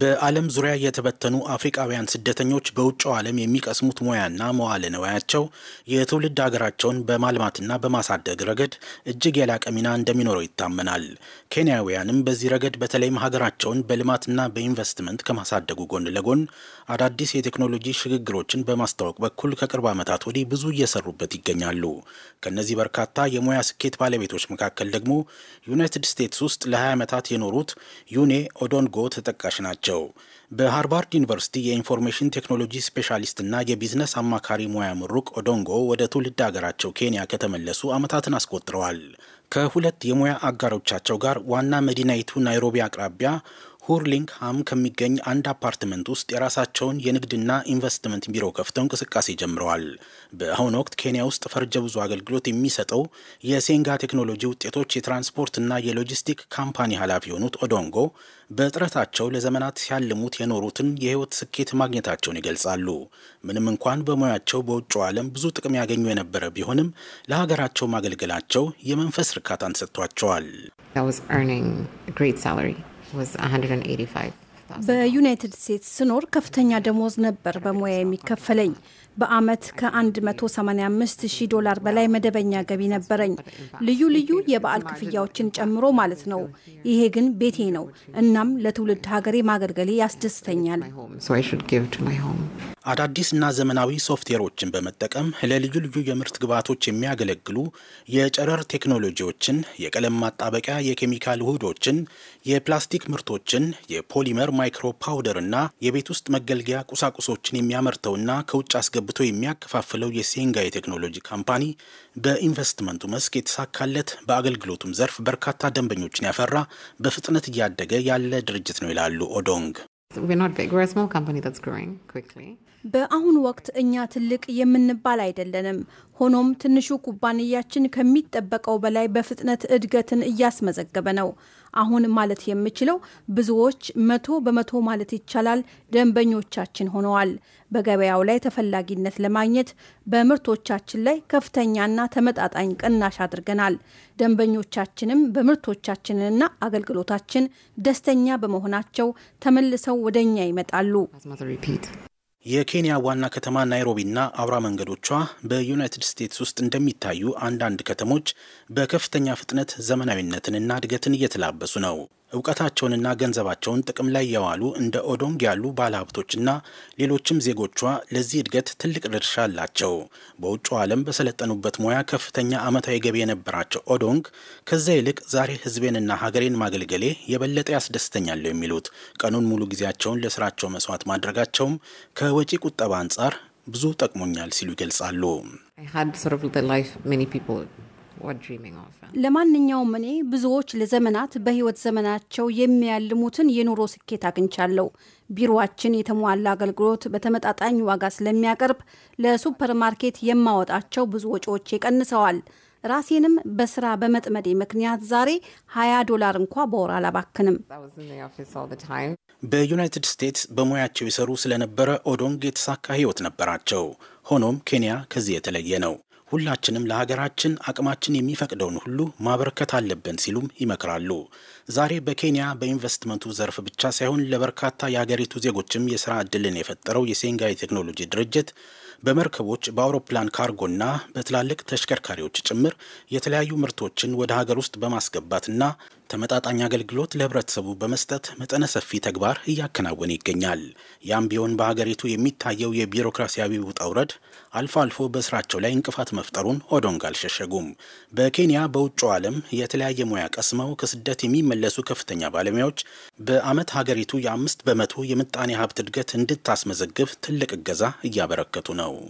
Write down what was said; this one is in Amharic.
በዓለም ዙሪያ የተበተኑ አፍሪቃውያን ስደተኞች በውጭው ዓለም የሚቀስሙት ሙያና መዋለ ንዋያቸው የትውልድ ሀገራቸውን በማልማትና በማሳደግ ረገድ እጅግ የላቀ ሚና እንደሚኖረው ይታመናል። ኬንያውያንም በዚህ ረገድ በተለይም ሀገራቸውን በልማትና በኢንቨስትመንት ከማሳደጉ ጎን ለጎን አዳዲስ የቴክኖሎጂ ሽግግሮችን በማስታወቅ በኩል ከቅርብ ዓመታት ወዲህ ብዙ እየሰሩበት ይገኛሉ። ከእነዚህ በርካታ የሙያ ስኬት ባለቤቶች መካከል ደግሞ ዩናይትድ ስቴትስ ውስጥ ለ20 ዓመታት የኖሩት ዩኔ ኦዶንጎ ተጠቃሽ ናቸው። ናቸው። በሃርቫርድ ዩኒቨርሲቲ የኢንፎርሜሽን ቴክኖሎጂ ስፔሻሊስትና የቢዝነስ አማካሪ ሙያ ምሩቅ ኦዶንጎ ወደ ትውልድ አገራቸው ኬንያ ከተመለሱ ዓመታትን አስቆጥረዋል። ከሁለት የሙያ አጋሮቻቸው ጋር ዋና መዲናይቱ ናይሮቢ አቅራቢያ ሁርሊንግሃም ከሚገኝ አንድ አፓርትመንት ውስጥ የራሳቸውን የንግድና ኢንቨስትመንት ቢሮ ከፍተው እንቅስቃሴ ጀምረዋል። በአሁኑ ወቅት ኬንያ ውስጥ ፈርጀ ብዙ አገልግሎት የሚሰጠው የሴንጋ ቴክኖሎጂ ውጤቶች የትራንስፖርትና የሎጂስቲክ ካምፓኒ ኃላፊ የሆኑት ኦዶንጎ በጥረታቸው ለዘመናት ሲያልሙት የኖሩትን የህይወት ስኬት ማግኘታቸውን ይገልጻሉ። ምንም እንኳን በሙያቸው በውጭው ዓለም ብዙ ጥቅም ያገኙ የነበረ ቢሆንም ለሀገራቸው ማገልገላቸው የመንፈስ እርካታን ሰጥቷቸዋል። በዩናይትድ ስቴትስ ስኖር ከፍተኛ ደሞዝ ነበር በሙያ የሚከፈለኝ። በአመት ከ185 ሺህ ዶላር በላይ መደበኛ ገቢ ነበረኝ፣ ልዩ ልዩ የበዓል ክፍያዎችን ጨምሮ ማለት ነው። ይሄ ግን ቤቴ ነው። እናም ለትውልድ ሀገሬ ማገልገሌ ያስደስተኛል። አዳዲስ እና ዘመናዊ ሶፍትዌሮችን በመጠቀም ለልዩ ልዩ የምርት ግብዓቶች የሚያገለግሉ የጨረር ቴክኖሎጂዎችን፣ የቀለም ማጣበቂያ የኬሚካል ውህዶችን፣ የፕላስቲክ ምርቶችን፣ የፖሊመር ማይክሮ ፓውደር እና የቤት ውስጥ መገልገያ ቁሳቁሶችን የሚያመርተውና ከውጭ አስገብቶ የሚያከፋፍለው የሴንጋ የቴክኖሎጂ ካምፓኒ በኢንቨስትመንቱ መስክ የተሳካለት በአገልግሎቱም ዘርፍ በርካታ ደንበኞችን ያፈራ በፍጥነት እያደገ ያለ ድርጅት ነው ይላሉ ኦዶንግ። በአሁኑ ወቅት እኛ ትልቅ የምንባል አይደለንም። ሆኖም ትንሹ ኩባንያችን ከሚጠበቀው በላይ በፍጥነት እድገትን እያስመዘገበ ነው። አሁን ማለት የምችለው ብዙዎች መቶ በመቶ ማለት ይቻላል ደንበኞቻችን ሆነዋል። በገበያው ላይ ተፈላጊነት ለማግኘት በምርቶቻችን ላይ ከፍተኛና ተመጣጣኝ ቅናሽ አድርገናል። ደንበኞቻችንም በምርቶቻችንና አገልግሎታችን ደስተኛ በመሆናቸው ተመልሰው ወደ ይመጣሉ። የኬንያ ዋና ከተማ ናይሮቢና አውራ መንገዶቿ በዩናይትድ ስቴትስ ውስጥ እንደሚታዩ አንዳንድ ከተሞች በከፍተኛ ፍጥነት ዘመናዊነትንና እድገትን እየተላበሱ ነው። እውቀታቸውንና ገንዘባቸውን ጥቅም ላይ የዋሉ እንደ ኦዶንግ ያሉ ባለሀብቶችና ሌሎችም ዜጎቿ ለዚህ እድገት ትልቅ ድርሻ አላቸው። በውጭ ዓለም በሰለጠኑበት ሙያ ከፍተኛ ዓመታዊ ገቢ የነበራቸው ኦዶንግ ከዛ ይልቅ ዛሬ ህዝቤንና ሀገሬን ማገልገሌ የበለጠ ያስደስተኛል የሚሉት ቀኑን ሙሉ ጊዜያቸውን ለስራቸው መስዋዕት ማድረጋቸውም ከወጪ ቁጠባ አንጻር ብዙ ጠቅሞኛል ሲሉ ይገልጻሉ። ለማንኛውም እኔ ብዙዎች ለዘመናት በህይወት ዘመናቸው የሚያልሙትን የኑሮ ስኬት አግኝቻለሁ። ቢሮዋችን የተሟላ አገልግሎት በተመጣጣኝ ዋጋ ስለሚያቀርብ ለሱፐርማርኬት የማወጣቸው ብዙ ወጪዎች ይቀንሰዋል። ራሴንም በስራ በመጥመዴ ምክንያት ዛሬ 20 ዶላር እንኳ በወር አላባክንም። በዩናይትድ ስቴትስ በሙያቸው የሰሩ ስለነበረ ኦዶንግ የተሳካ ህይወት ነበራቸው። ሆኖም ኬንያ ከዚህ የተለየ ነው። ሁላችንም ለሀገራችን አቅማችን የሚፈቅደውን ሁሉ ማበረከት አለብን ሲሉም ይመክራሉ። ዛሬ በኬንያ በኢንቨስትመንቱ ዘርፍ ብቻ ሳይሆን ለበርካታ የሀገሪቱ ዜጎችም የስራ ዕድልን የፈጠረው የሴንጋይ ቴክኖሎጂ ድርጅት በመርከቦች በአውሮፕላን ካርጎና በትላልቅ ተሽከርካሪዎች ጭምር የተለያዩ ምርቶችን ወደ ሀገር ውስጥ በማስገባትና ተመጣጣኝ አገልግሎት ለህብረተሰቡ በመስጠት መጠነ ሰፊ ተግባር እያከናወነ ይገኛል። ያም ቢሆን በሀገሪቱ የሚታየው የቢሮክራሲያዊ ውጣ ውረድ አልፎ አልፎ በስራቸው ላይ እንቅፋት መፍጠሩን ኦዶንግ አልሸሸጉም። በኬንያ በውጭ ዓለም የተለያየ ሙያ ቀስመው ከስደት የሚመለሱ ከፍተኛ ባለሙያዎች በአመት ሀገሪቱ የአምስት በመቶ የምጣኔ ሀብት እድገት እንድታስመዘግብ ትልቅ እገዛ እያበረከቱ ነው። não.